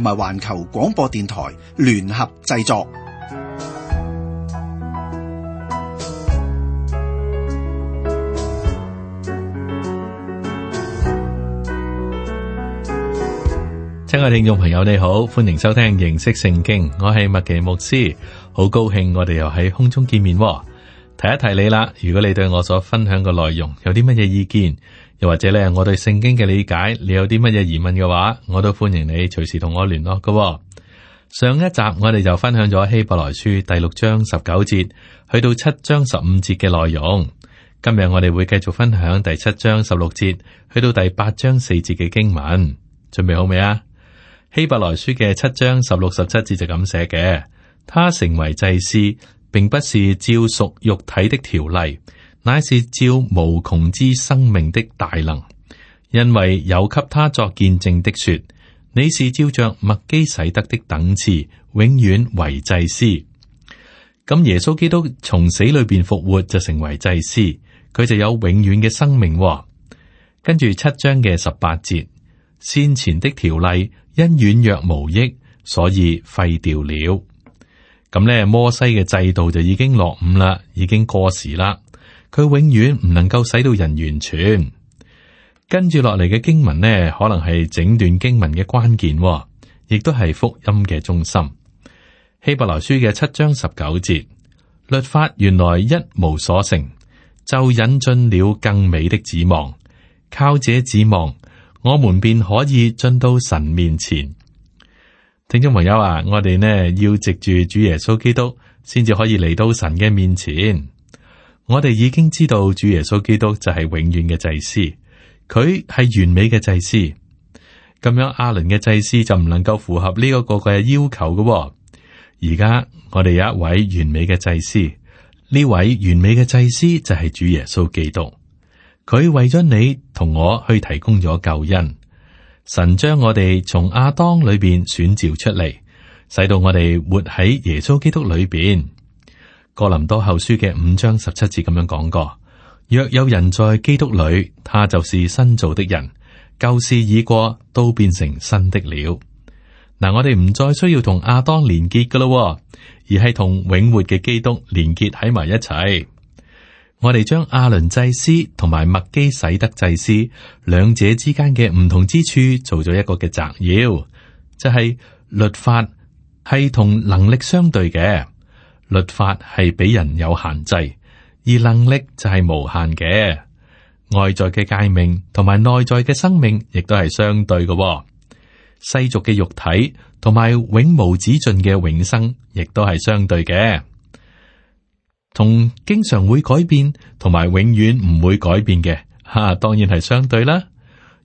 同埋環球廣播電台聯合製作。親愛聽眾朋友，你好，歡迎收聽認識聖經，我係麥奇牧師，好高興我哋又喺空中見面。提一提你啦，如果你對我所分享嘅內容有啲乜嘢意見，又或者咧，我對聖經嘅理解，你有啲乜嘢疑問嘅話，我都歡迎你隨時同我聯絡嘅喎。上一集我哋就分享咗希伯來書第六章十九節去到七章十五節嘅內容，今日我哋會繼續分享第七章十六節去到第八章四節嘅經文。準備好未啊？希伯來書嘅七章十六十七節就咁寫嘅，他成為祭司，並不是照屬肉體的條例。乃是照無窮之生命的大能，因為有給他作見證的說，你是照着麥基洗德的等次，永遠為祭司。咁耶穌基督從死裏邊復活就成為祭司，佢就有永遠嘅生命，哦。跟住七章嘅十八節，先前的條例因軟弱無益，所以廢掉了。咁呢摩西嘅制度就已經落伍啦，已經過時啦。佢永遠唔能夠使到人完全，跟住落嚟嘅經文呢，可能係整段經文嘅關鍵，哦，亦都係福音嘅中心。希伯來書嘅七章十九節，律法原來一無所成，就引進了更美的指望，靠這指望，我們便可以進到神面前。聽眾朋友啊，我哋呢要藉住主耶穌基督，先至可以嚟到神嘅面前。我哋已經知道主耶穌基督就係永遠嘅祭司，佢係完美嘅祭司。咁樣阿倫嘅祭司就唔能夠符合呢個個嘅要求嘅哦。而家我哋有一位完美嘅祭司，呢位完美嘅祭司就係主耶穌基督。佢為咗你同我去提供咗救恩，神將我哋從亞當裏邊選召出嚟，使到我哋活喺耶穌基督裏邊。哥林多後書嘅五章十七節咁樣講過：若有人在基督裏，他就是新造的人，舊事已過，都變成新的了。嗱、啊，我哋唔再需要同亞當連結㗎喇，而係同永活嘅基督連結喺埋一齊。我哋將阿倫祭司同埋麥基洗德祭司兩者之間嘅唔同之處做咗一個嘅摘要，就係、是、律法係同能力相對嘅。律法係俾人有限制，而能力就係無限嘅。外在嘅誡命同埋內在嘅生命，亦都係相對嘅、哦。世俗嘅肉體同埋永無止盡嘅永生，亦都係相對嘅。同經常會改變同埋永遠唔會改變嘅，吓、啊、當然係相對啦。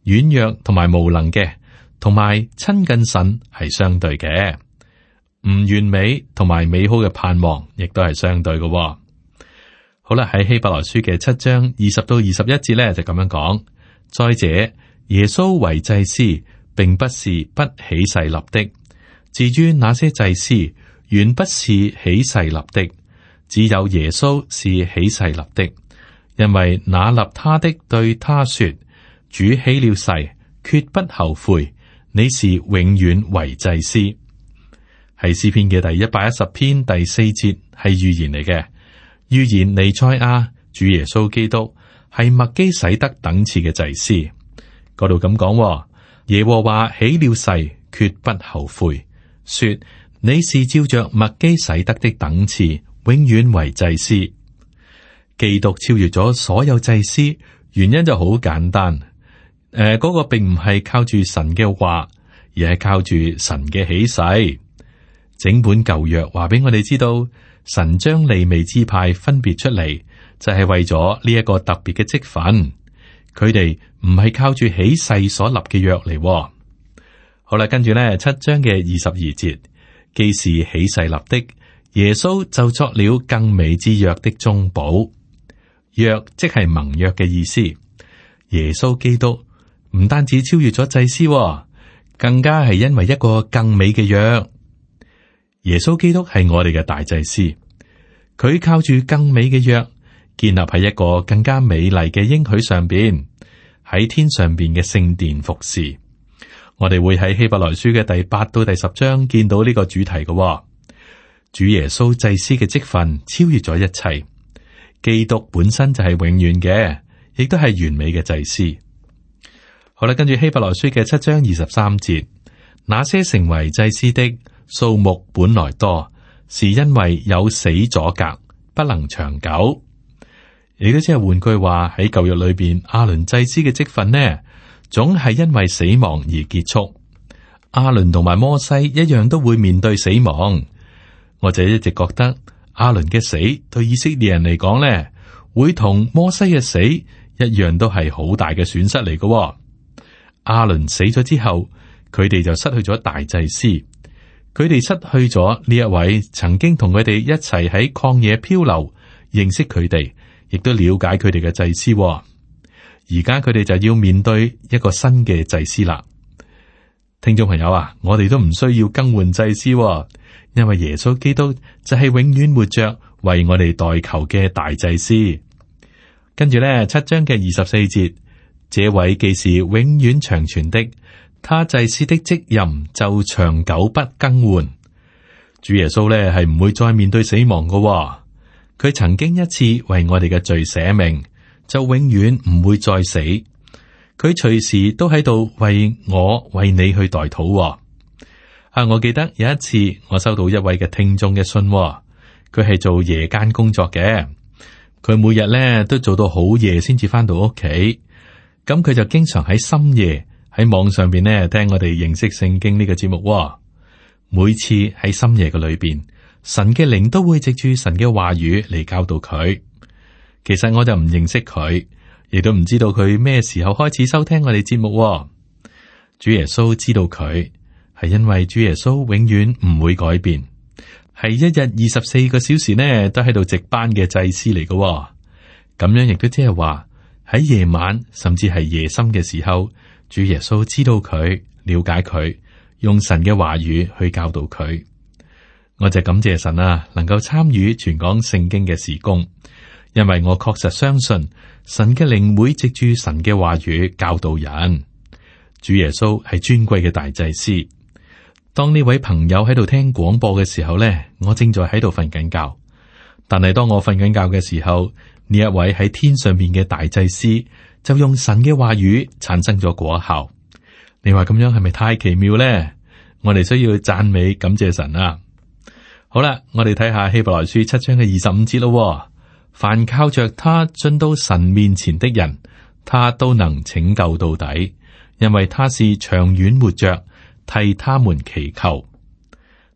軟弱同埋無能嘅，同埋親近神係相對嘅。唔完美同埋美好嘅盼望，亦都係相對嘅、哦。好啦，喺希伯來書嘅七章二十到二十一節咧，就咁樣講。再者，耶穌為祭司，並不是不起誓立的；至於那些祭司，原不是起誓立的，只有耶穌是起誓立的，因為那立他的對他說：主起了誓，決不後悔。你是永遠為祭司。係詩篇嘅第一百一十篇第四節係預言嚟嘅。預言尼賽亞主耶穌基督係麥基洗德等次嘅祭司嗰度咁講。耶和華起了誓，決不後悔，說你是照着麥基洗德的等次，永遠為祭司。基督超越咗所有祭司，原因就好簡單，誒、呃，嗰、那個並唔係靠住神嘅話，而係靠住神嘅起誓。整本舊約話俾我哋知道，神將利未支派分別出嚟，就係、是、為咗呢一個特別嘅職分。佢哋唔係靠住起誓所立嘅約嚟、哦。好啦，跟住咧七章嘅二十二節，既是起誓立的耶穌就作了更美之約的中保。約即係盟約嘅意思。耶穌基督唔單止超越咗祭司、哦，更加係因為一個更美嘅約。耶穌基督係我哋嘅大祭司，佢靠住更美嘅約，建立喺一個更加美麗嘅應許上邊，喺天上邊嘅聖殿服侍。我哋會喺希伯來書嘅第八到第十章見到呢個主題嘅，哦。主耶穌祭司嘅職分超越咗一切，基督本身就係永遠嘅，亦都係完美嘅祭司。好啦，跟住希伯來書嘅七章二十三節，那些成為祭司的。數目本來多，是因為有死阻隔，不能長久。亦都即係換句話，喺舊約裏邊，阿倫祭司嘅積分呢，總係因為死亡而結束。阿倫同埋摩西一樣都會面對死亡。我就一直覺得阿倫嘅死對以色列人嚟講呢，會同摩西嘅死一樣都係好大嘅損失嚟㗎喎。阿倫死咗之後，佢哋就失去咗大祭司。佢哋失去咗呢一位曾經同佢哋一齊喺曠野漂流，認識佢哋，亦都了解佢哋嘅祭司、哦。而家佢哋就要面對一個新嘅祭司啦。聽眾朋友啊，我哋都唔需要更換祭司、哦，因為耶穌基督就係永遠活着為我哋代求嘅大祭司。跟住咧七章嘅二十四節，這位既是永遠長存的。他祭司的職任就長久不更換，主耶穌咧係唔會再面對死亡㗎、哦。佢曾經一次為我哋嘅罪捨命，就永遠唔會再死。佢隨時都喺度為我為你去代禱、哦。啊，我記得有一次我收到一位嘅聽眾嘅信、哦，佢係做夜間工作嘅，佢每日咧都做到好夜先至返到屋企，咁佢就經常喺深夜。喺網上邊咧，聽我哋認識聖經呢個節目喎。每次喺深夜嘅裏邊，神嘅靈都會藉住神嘅話語嚟教導佢。其實我就唔認識佢，亦都唔知道佢咩時候開始收聽我哋節目喎。主耶穌知道佢，係因為主耶穌永遠唔會改變，係一日二十四個小時呢都喺度值班嘅祭司嚟嘅喎。咁樣亦都即係話，喺夜晚，甚至係夜深嘅時候。主耶穌知道佢，了解佢，用神嘅話語去教導佢。我就感謝神啊，能夠參與全港聖經嘅事工，因為我確實相信神嘅靈會藉住神嘅話語教導人。主耶穌係尊貴嘅大祭司。當呢位朋友喺度聽廣播嘅時候咧，我正在喺度瞓緊覺。但係當我瞓緊覺嘅時候，呢一位喺天上面嘅大祭司，就用神嘅話語產生咗果效。你話咁樣係咪太奇妙咧？我哋需要讚美感謝神啊。好啦，我哋睇下希伯來書七章嘅二十五節咯。凡靠着他進到神面前的人，他都能拯救到底，因為他是長遠活着，替他們祈求。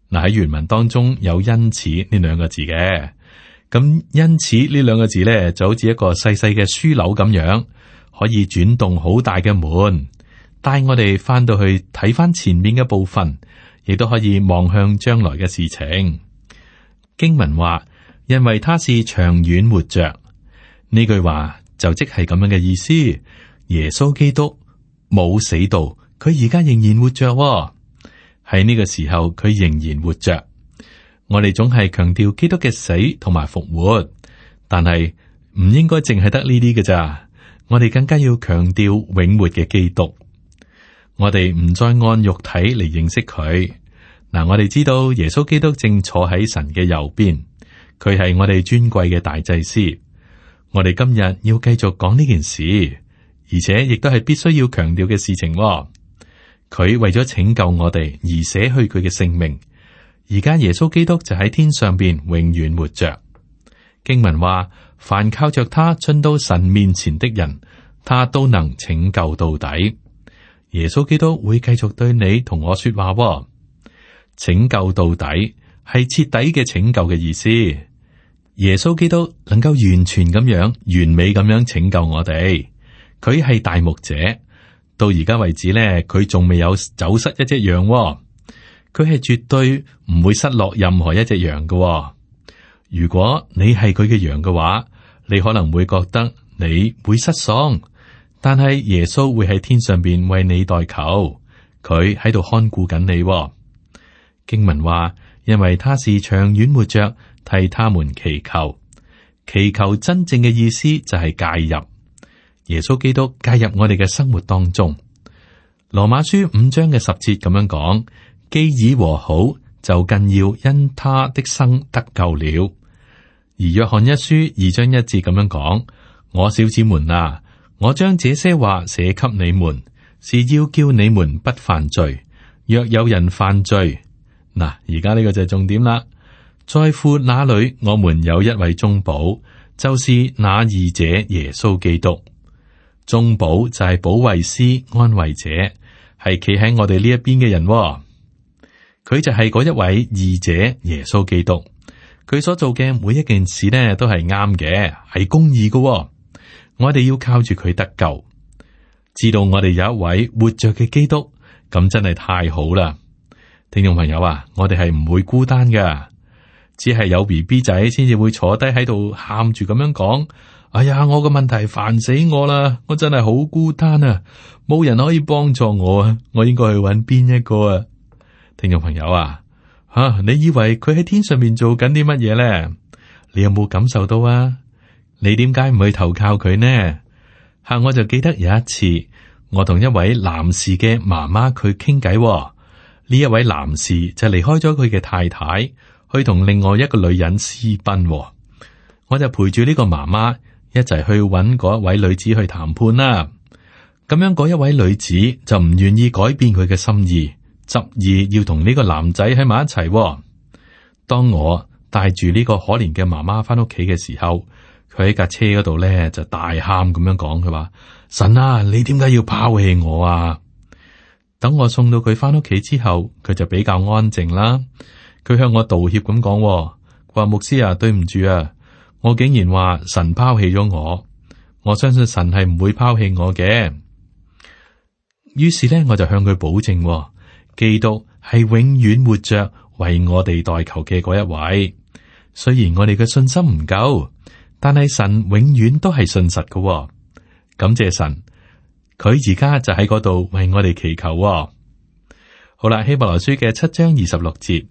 嗱，喺原文當中有因此呢兩個字嘅，咁，因此呢兩個字咧就好似一個細細嘅樞紐咁樣，可以轉動好大嘅門，帶我哋翻到去睇翻前面嘅部分，亦都可以望向將來嘅事情。經文話，因為他是長遠活着，呢句話就即係咁樣嘅意思。耶穌基督冇死到，佢而家仍然活着喎。喺呢個時候，佢仍然活着。我哋總係強調基督嘅死同埋復活，但係唔應該淨係得呢啲嘅咋。我哋更加要強調永活嘅基督，我哋唔再按肉體嚟認識佢。嗱，我哋知道耶穌基督正坐喺神嘅右邊，佢係我哋尊貴嘅大祭司。我哋今日要繼續講呢件事，而且亦都係必須要強調嘅事情。佢為咗拯救我哋而捨去佢嘅性命，而家耶穌基督就喺天上邊永遠活着。經文話：凡靠着他進到神面前的人，他都能拯救到底。耶穌基督會繼續對你同我說話喎，拯救到底係徹底嘅拯救嘅意思。耶穌基督能夠完全咁樣、完美咁樣拯救我哋。佢係大牧者，到而家為止呢，佢仲未有走失一隻羊喎，佢係絕對唔會失落任何一隻羊嘅喎。如果你係佢嘅羊嘅話，你可能會覺得你會失喪，但係耶穌會喺天上邊為你代求，佢喺度看顧緊你。經文話，因為他是長遠活着，替他們祈求。祈求真正嘅意思就係介入耶穌基督介入我哋嘅生活當中。羅馬書五章嘅十節咁樣講，既已和好。就更要因他的生得救了。而約翰一書二章一節咁樣講：我小子們啊，我將這些話寫給你們，是要叫你們不犯罪。若有人犯罪，嗱，而家呢個就係重點啦。在父那裏，我們有一位中保，就是那二者耶穌基督。中保就係保衛師、安慰者，係企喺我哋呢一邊嘅人，哦。佢就係嗰一位義者耶穌基督，佢所做嘅每一件事呢，都係啱嘅，係公義嘅。哦，我哋要靠住佢得救，知道我哋有一位活着嘅基督，咁真係太好啦！聽眾朋友啊，我哋係唔會孤單噶，只係有 B B 仔先至會坐低喺度喊住咁樣講：「哎呀，我嘅問題煩死我啦！我真係好孤單啊，冇人可以幫助我啊，我應該去揾邊一個啊？聽眾朋友啊，吓、啊、你以為佢喺天上面做緊啲乜嘢呢？你有冇感受到啊？你點解唔去投靠佢呢？吓、啊，我就記得有一次，我同一位男士嘅媽媽佢傾偈，呢一位男士就離開咗佢嘅太太，去同另外一個女人私奔、啊。我就陪住呢個媽媽一齊去揾嗰一位女子去談判啦、啊。咁樣嗰一位女子就唔願意改變佢嘅心意。執意要同呢個男仔喺埋一齊、哦。當我帶住呢個可憐嘅媽媽翻屋企嘅時候，佢喺架車嗰度咧就大喊咁樣講，佢話：神啊，你點解要拋棄我啊？等我送到佢翻屋企之後，佢就比較安靜啦。佢向我道歉咁講、哦，佢話牧師啊，對唔住啊，我竟然話神拋棄咗我。我相信神係唔會拋棄我嘅。於是咧，我就向佢保證、哦。基督係永遠活着為我哋代求嘅嗰一位。雖然我哋嘅信心唔夠，但係神永遠都係信實嘅、哦。感謝神，佢而家就喺嗰度為我哋祈求、哦。好啦，《希伯來書》嘅七章二十六節，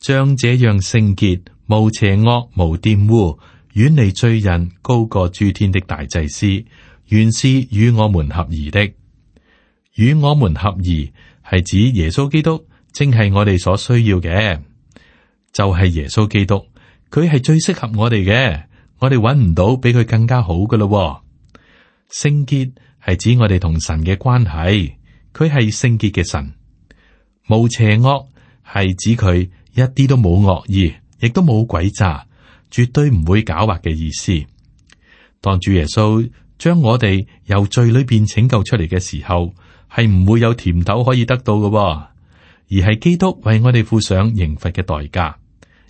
像這樣聖潔、無邪惡、無玷污、遠離罪人、高過諸天的大祭司，原是與我們合宜的，與我們合宜。係指耶穌基督正係我哋所需要嘅，就係、是、耶穌基督，佢係最適合我哋嘅，我哋搵唔到比佢更加好噶咯。聖潔係指我哋同神嘅關係，佢係聖潔嘅神，無邪惡係指佢一啲都冇惡意，亦都冇詭詐，絕對唔會狡猾嘅意思。當主耶穌將我哋由罪裏邊拯救出嚟嘅時候，係唔會有甜頭可以得到嘅喎，而係基督為我哋付上刑罰嘅代價，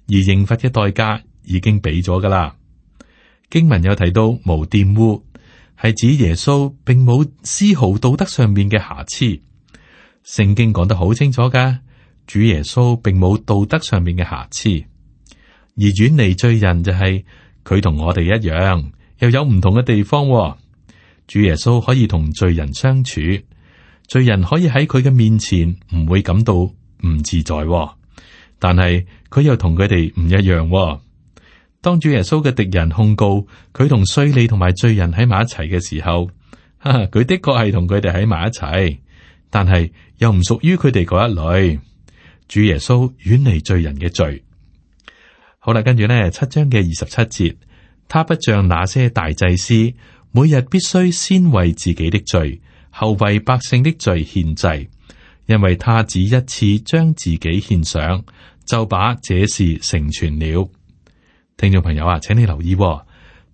而刑罰嘅代價已經俾咗噶啦。經文有提到無玷污，係指耶穌並冇絲毫道德上面嘅瑕疵。聖經講得好清楚噶，主耶穌並冇道德上面嘅瑕疵，而遠離罪人就係佢同我哋一樣，又有唔同嘅地方喎。主耶穌可以同罪人相處。罪人可以喺佢嘅面前唔會感到唔自在，哦，但係佢又同佢哋唔一樣，哦。當主耶穌嘅敵人控告佢同稅吏同埋罪人喺埋一齊嘅時候，哈哈，佢的確係同佢哋喺埋一齊，但係又唔屬於佢哋嗰一類。主耶穌遠離罪人嘅罪。好啦，跟住呢七章嘅二十七節，他不像那些大祭司，每日必須先為自己的罪。後為百姓的罪獻祭，因為他只一次將自己獻上，就把這事成全了。聽眾朋友啊，請你留意喎，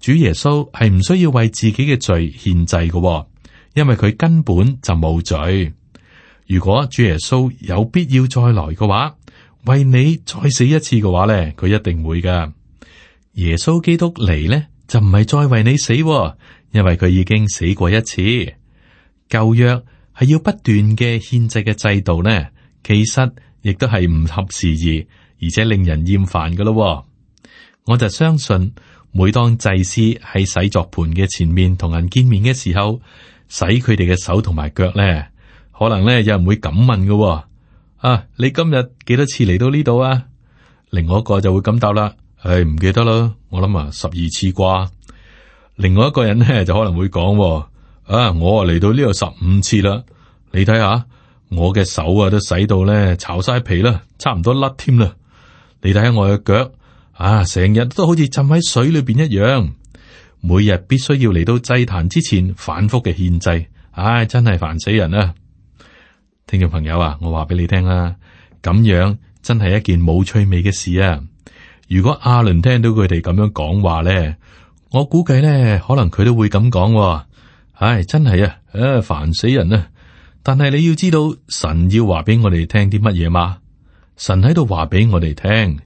主耶穌係唔需要為自己嘅罪獻祭嘅，、哦，因為佢根本就冇罪。如果主耶穌有必要再來嘅話，為你再死一次嘅話咧，佢一定會嘅。耶穌基督嚟呢，就唔係再為你死喎，因為佢已經死過一次。舊約係要不斷嘅憲制嘅制度呢，其實亦都係唔合時宜，而且令人厭煩噶咯、哦。我就相信，每當祭司喺洗作盤嘅前面同人見面嘅時候，洗佢哋嘅手同埋腳咧，可能咧有人會咁問噶、哦。啊，你今日幾多次嚟到呢度啊？另外一個就會咁答啦，唉、哎，唔記得咯。我諗啊，十二次啩。另外一個人咧就可能會講。啊！我啊嚟到呢度十五次啦。你睇下我嘅手啊，都洗到咧，炒晒皮啦，差唔多甩添啦。你睇下我嘅腳啊，成日都好似浸喺水裏邊一樣。每日必須要嚟到祭壇之前，反復嘅獻祭，唉、哎，真係煩死人啊！聽眾朋友啊，我話俾你聽啊，咁樣真係一件冇趣味嘅事啊。如果阿倫聽到佢哋咁樣講話咧，我估計咧，可能佢都會咁講、啊。唉，真係啊，唉，煩死人啊。但係你要知道，神要話俾我哋聽啲乜嘢嘛？神喺度話俾我哋聽，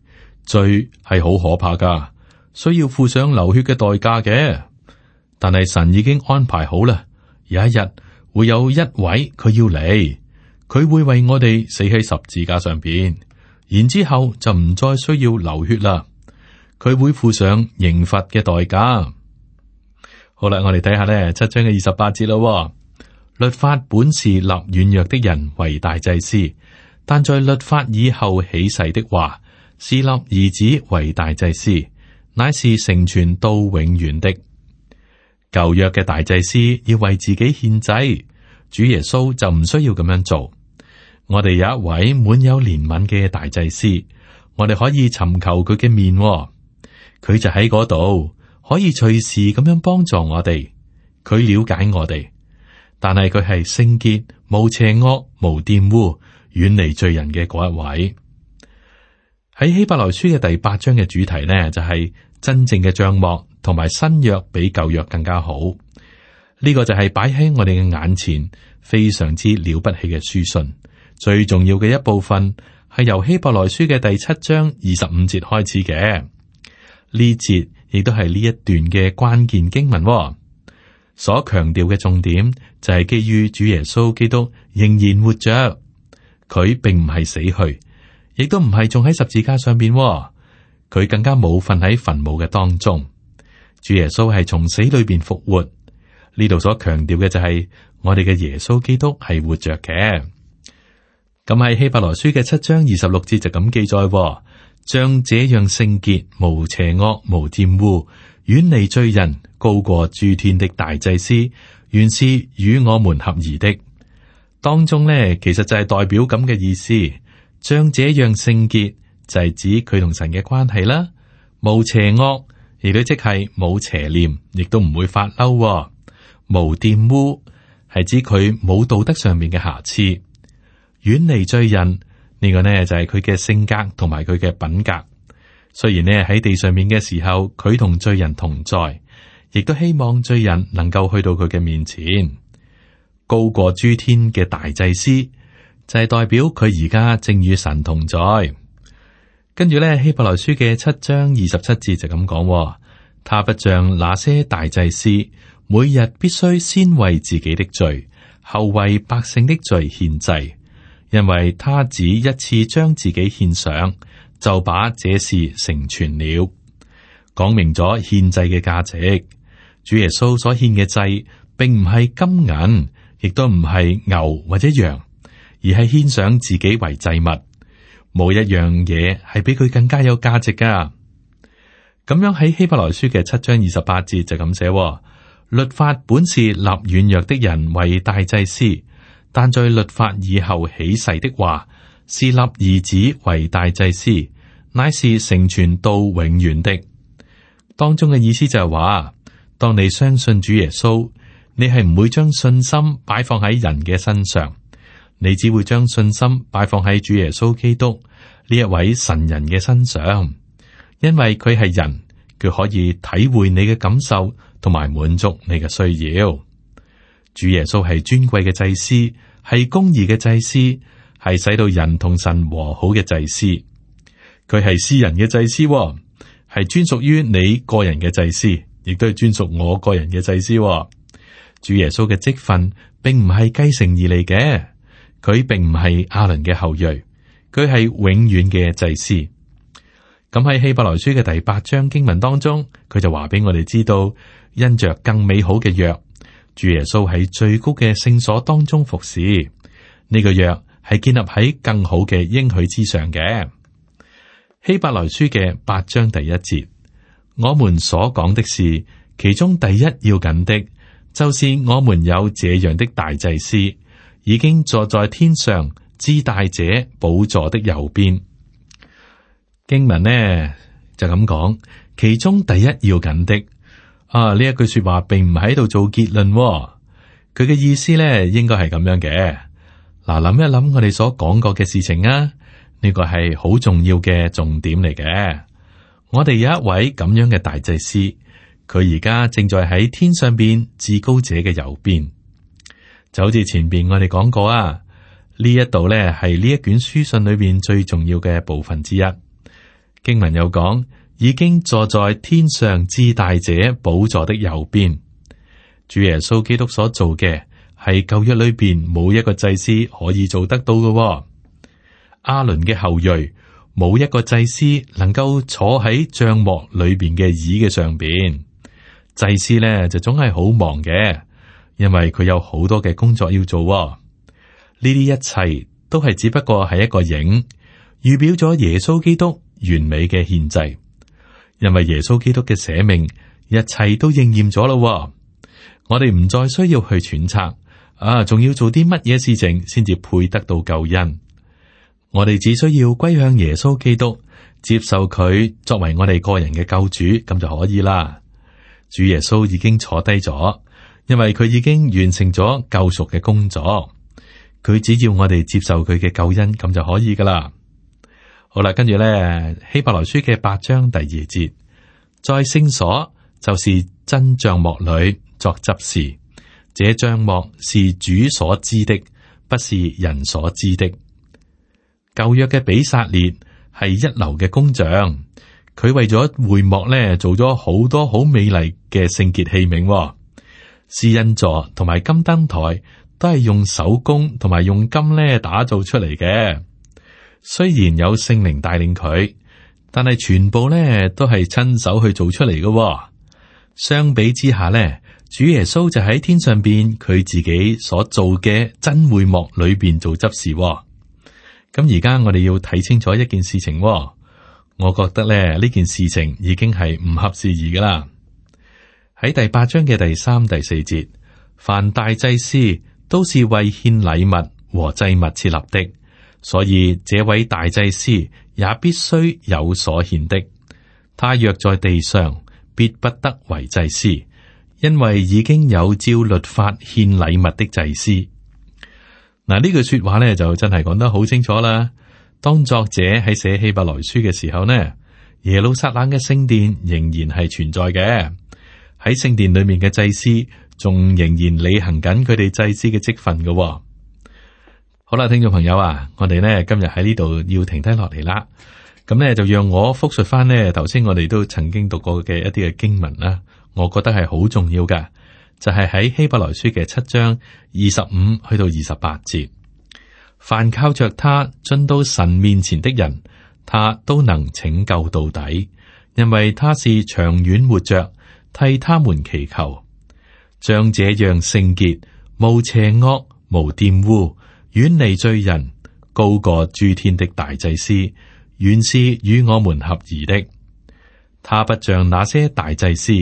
罪係好可怕噶，需要付上流血嘅代價嘅。但係神已經安排好啦，有一日會有一位佢要嚟，佢會為我哋死喺十字架上邊，然之後就唔再需要流血啦。佢會付上刑罰嘅代價。好啦，我哋睇下咧七章嘅二十八節咯、哦。律法本是立軟弱的人為大祭司，但在律法以後起誓的話，是立兒子為大祭司，乃是成全到永遠的。舊約嘅大祭司要為自己獻祭，主耶穌就唔需要咁樣做。我哋有一位滿有憐憫嘅大祭司，我哋可以尋求佢嘅面、哦，佢就喺嗰度。可以隨時咁樣幫助我哋，佢了解我哋，但係佢係聖潔，無邪惡，無玷污，遠離罪人嘅嗰一位。喺希伯來書嘅第八章嘅主題呢，就係、是、真正嘅帳幕同埋新約比舊約更加好。呢、這個就係擺喺我哋嘅眼前非常之了不起嘅書信。最重要嘅一部分係由希伯來書嘅第七章二十五節開始嘅呢節，亦都係呢一段嘅關鍵經文、哦，所強調嘅重點就係基於主耶穌基督仍然活着，佢並唔係死去，亦都唔係仲喺十字架上邊、哦，佢更加冇瞓喺墳墓嘅當中。主耶穌係從死裏邊復活，呢度所強調嘅就係、是、我哋嘅耶穌基督係活着嘅。咁喺希伯來書嘅七章二十六節就咁記載、哦。像這樣聖潔、無邪惡、無玷污、遠離罪人、高過諸天的大祭司，原是與我們合宜的。當中呢，其實就係代表咁嘅意思。像這樣聖潔就係、是、指佢同神嘅關係啦。無邪惡，而佢即係冇邪念，亦都唔會發嬲。無玷污，係指佢冇道德上面嘅瑕疵。遠離罪人。呢個呢就係佢嘅性格同埋佢嘅品格。雖然呢喺地上面嘅時候，佢同罪人同在，亦都希望罪人能夠去到佢嘅面前。高過諸天嘅大祭司，就係代表佢而家正與神同在。跟住呢希伯來書嘅七章二十七節就咁講：他不像那些大祭司，每日必須先為自己的罪，後為百姓的罪獻祭。因為他只一次將自己獻上，就把這事成全了，講明咗獻祭嘅價值。主耶穌所獻嘅祭，並唔係金銀，亦都唔係牛或者羊，而係獻上自己為祭物。冇一樣嘢係比佢更加有價值噶。咁樣喺希伯來書嘅七章二十八節就咁寫：「律法本是立軟弱的人為大祭司。」但在律法以後起誓的話，是立兒子為大祭司，乃是成全到永遠的。當中嘅意思就係話，當你相信主耶穌，你係唔會將信心擺放喺人嘅身上，你只會將信心擺放喺主耶穌基督呢一位神人嘅身上，因為佢係人，佢可以體會你嘅感受同埋滿足你嘅需要。主耶穌係尊貴嘅祭司，係公義嘅祭司，係使到人同神和好嘅祭司。佢係私人嘅祭司，係專屬於你個人嘅祭司，亦都係專屬我個人嘅祭司。主耶穌嘅職分並唔係繼承而嚟嘅，佢並唔係亞倫嘅後裔，佢係永遠嘅祭司。咁喺希伯來書嘅第八章經文當中，佢就話俾我哋知道，因着更美好嘅約。主耶穌喺最高嘅聖所當中服侍，呢、呢個約係建立喺更好嘅應許之上嘅。希伯來書嘅八章第一節，我們所講的是其中第一要緊的，就是我們有這樣的大祭司，已經坐在天上之大者寶座的右邊。經文呢就咁講，其中第一要緊的。啊！呢一句說話並唔喺度做結論，哦，佢嘅意思咧應該係咁樣嘅。嗱，諗一諗我哋所講過嘅事情啊，呢、呢個係好重要嘅重點嚟嘅。我哋有一位咁樣嘅大祭司，佢而家正在喺天上邊至高者嘅右邊。就好似前邊我哋講過啊，呢一度咧係呢一卷書信裏邊最重要嘅部分之一。經文有講。已經坐在天上之大者寶座的右邊。主耶穌基督所做嘅係舊約裏邊冇一個祭司可以做得到嘅，哦。阿倫嘅後裔冇一個祭司能夠坐喺帳幕裏邊嘅椅嘅上邊。祭司呢，就總係好忙嘅，因為佢有好多嘅工作要做，哦。呢啲一切都係只不過係一個影，預表咗耶穌基督完美嘅獻祭。因為耶穌基督嘅捨命，一切都應驗咗咯。我哋唔再需要去揣測，啊，仲要做啲乜嘢事情先至配得到救恩。我哋只需要歸向耶穌基督，接受佢作為我哋個人嘅救主，咁就可以啦。主耶穌已經坐低咗，因為佢已經完成咗救贖嘅工作。佢只要我哋接受佢嘅救恩，咁就可以㗎啦。好啦，跟住咧希伯來書嘅八章第二節，在聖所就是真帳幕裏作執事，這帳幕是主所知的，不是人所知的。舊約嘅比撒列係一流嘅工匠，佢為咗會幕咧做咗好多好美麗嘅聖潔器皿，哦，施恩座同埋金燈台都係用手工同埋用金咧打造出嚟嘅。雖然有聖靈帶領佢，但係全部呢都係親手去做出嚟噶、哦。相比之下呢，主耶穌就喺天上邊，佢自己所做嘅真會幕裏邊做執事、哦。咁而家我哋要睇清楚一件事情、哦，我覺得呢呢件事情已經係唔合時宜噶啦。喺第八章嘅第三、第四節，凡大祭司都是為獻禮物和祭物設立的。所以，這位大祭司也必須有所獻的。他若在地上，必不得為祭司，因為已經有照律法獻禮物的祭司。嗱、啊，句呢句說話咧就真係講得好清楚啦。當作者喺寫希伯來書嘅時候呢，耶路撒冷嘅聖殿仍然係存在嘅，喺聖殿裏面嘅祭司仲仍然履行緊佢哋祭司嘅職分嘅、哦。好啦，聽眾朋友啊，我哋咧今日喺呢度要停低落嚟啦。咁咧就讓我複述翻咧頭先，我哋都曾經讀過嘅一啲嘅經文啦、啊。我覺得係好重要嘅，就係、是、喺希伯來書嘅七章二十五去到二十八節，凡靠着他進到神面前的人，他都能拯救到底，因為他是長遠活着，替他們祈求，像這樣聖潔、無邪惡、無玷污。遠離罪人、高過諸天的大祭司，原是與我們合宜的。他不像那些大祭司，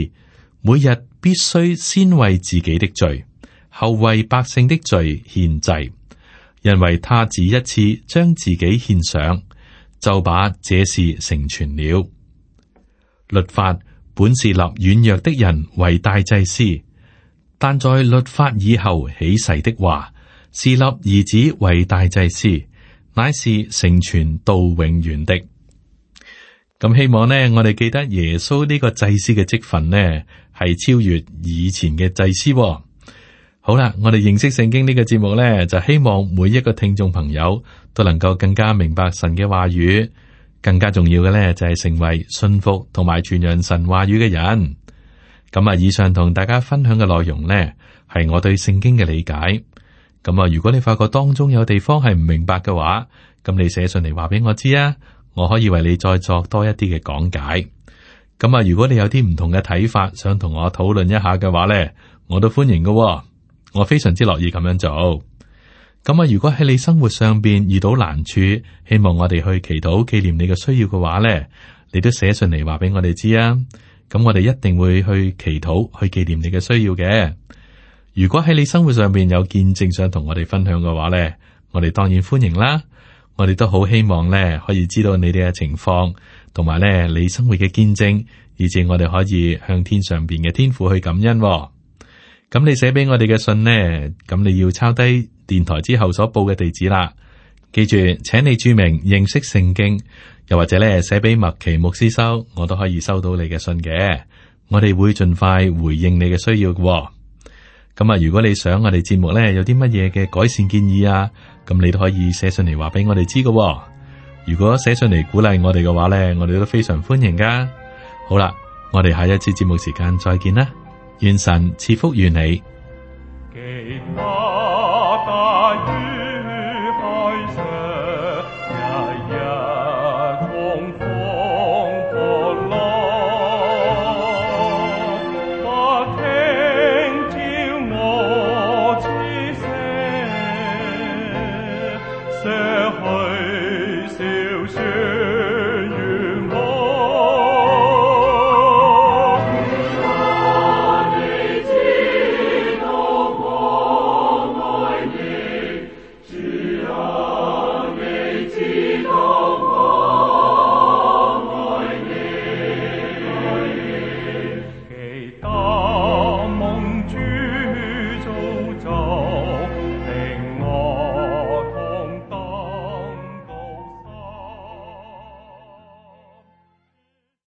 每日必須先為自己的罪，後為百姓的罪獻祭，因為他只一次將自己獻上，就把這事成全了。律法本是立軟弱的人為大祭司，但在律法以後起誓的話。是立兒子為大祭司，乃是成全到永遠的。咁希望呢，我哋記得耶穌呢個祭司嘅積份呢，係超越以前嘅祭司。好啦，我哋認識聖經呢個節目呢，就希望每一個聽眾朋友都能夠更加明白神嘅話語。更加重要嘅呢，就係成為信服同埋傳揚神話語嘅人。咁啊，以上同大家分享嘅內容呢，係我對聖經嘅理解。咁啊，如果你發覺當中有地方係唔明白嘅話，咁你寫信嚟話俾我知啊，我可以為你再作多一啲嘅講解。咁啊，如果你有啲唔同嘅睇法，想同我討論一下嘅話呢，我都歡迎㗎，我非常之樂意咁樣做。咁啊，如果喺你生活上邊遇到難處，希望我哋去祈禱紀念你嘅需要嘅話呢，你都寫信嚟話俾我哋知啊，咁我哋一定會去祈禱去紀念你嘅需要嘅。如果喺你生活上邊有見證，想同我哋分享嘅話呢，我哋當然歡迎啦。我哋都好希望呢，可以知道你哋嘅情況，同埋呢，你生活嘅見證，以致我哋可以向天上邊嘅天父去感恩。咁你寫俾我哋嘅信呢，咁你要抄低電台之後所報嘅地址啦。記住，請你注明認識聖經，又或者呢，寫俾麥奇牧師收，我都可以收到你嘅信嘅。我哋會盡快回應你嘅需要嘅。咁啊，如果你想我哋節目咧有啲乜嘢嘅改善建議啊，咁你都可以寫信嚟，話俾我哋知噶。如果寫信嚟鼓勵我哋嘅話咧，我哋都非常歡迎噶。好啦，我哋下一次節目時間再見啦，願神賜福與你。